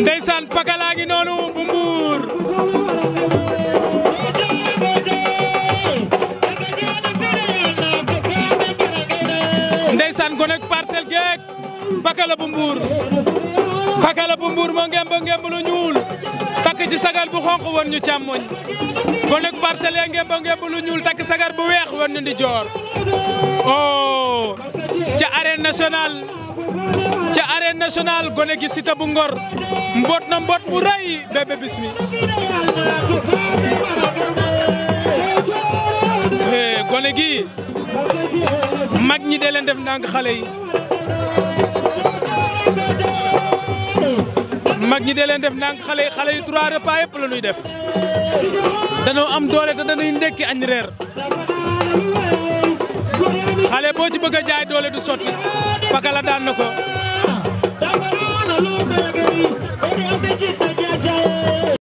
ndeysaan pakalaa ngi noonu bu mbuur ndeysaan gonek parcelle geek pakala bu pakala bu moo ngemb ngemb ñuul takk ci sagar bu xonq woon ñu càmmoñ gonek parcelle ya ngemb ngemb ñuul takk sagar bu weex woon ñu di joor oh ca arène nationale arène nationale gone gi Siteu bu Ngor mboot na mboot mu rëy Bébé Bismi eh, gone gi mag ñi dee leen def ndànk xale yi mag ñi dee leen def ndànk xale yi xale yi trois repas yëpp la def danoo am doole te dañuy ndekki añ reer xale boo ci bëgg a jaay doole du sotti pakala daan na ko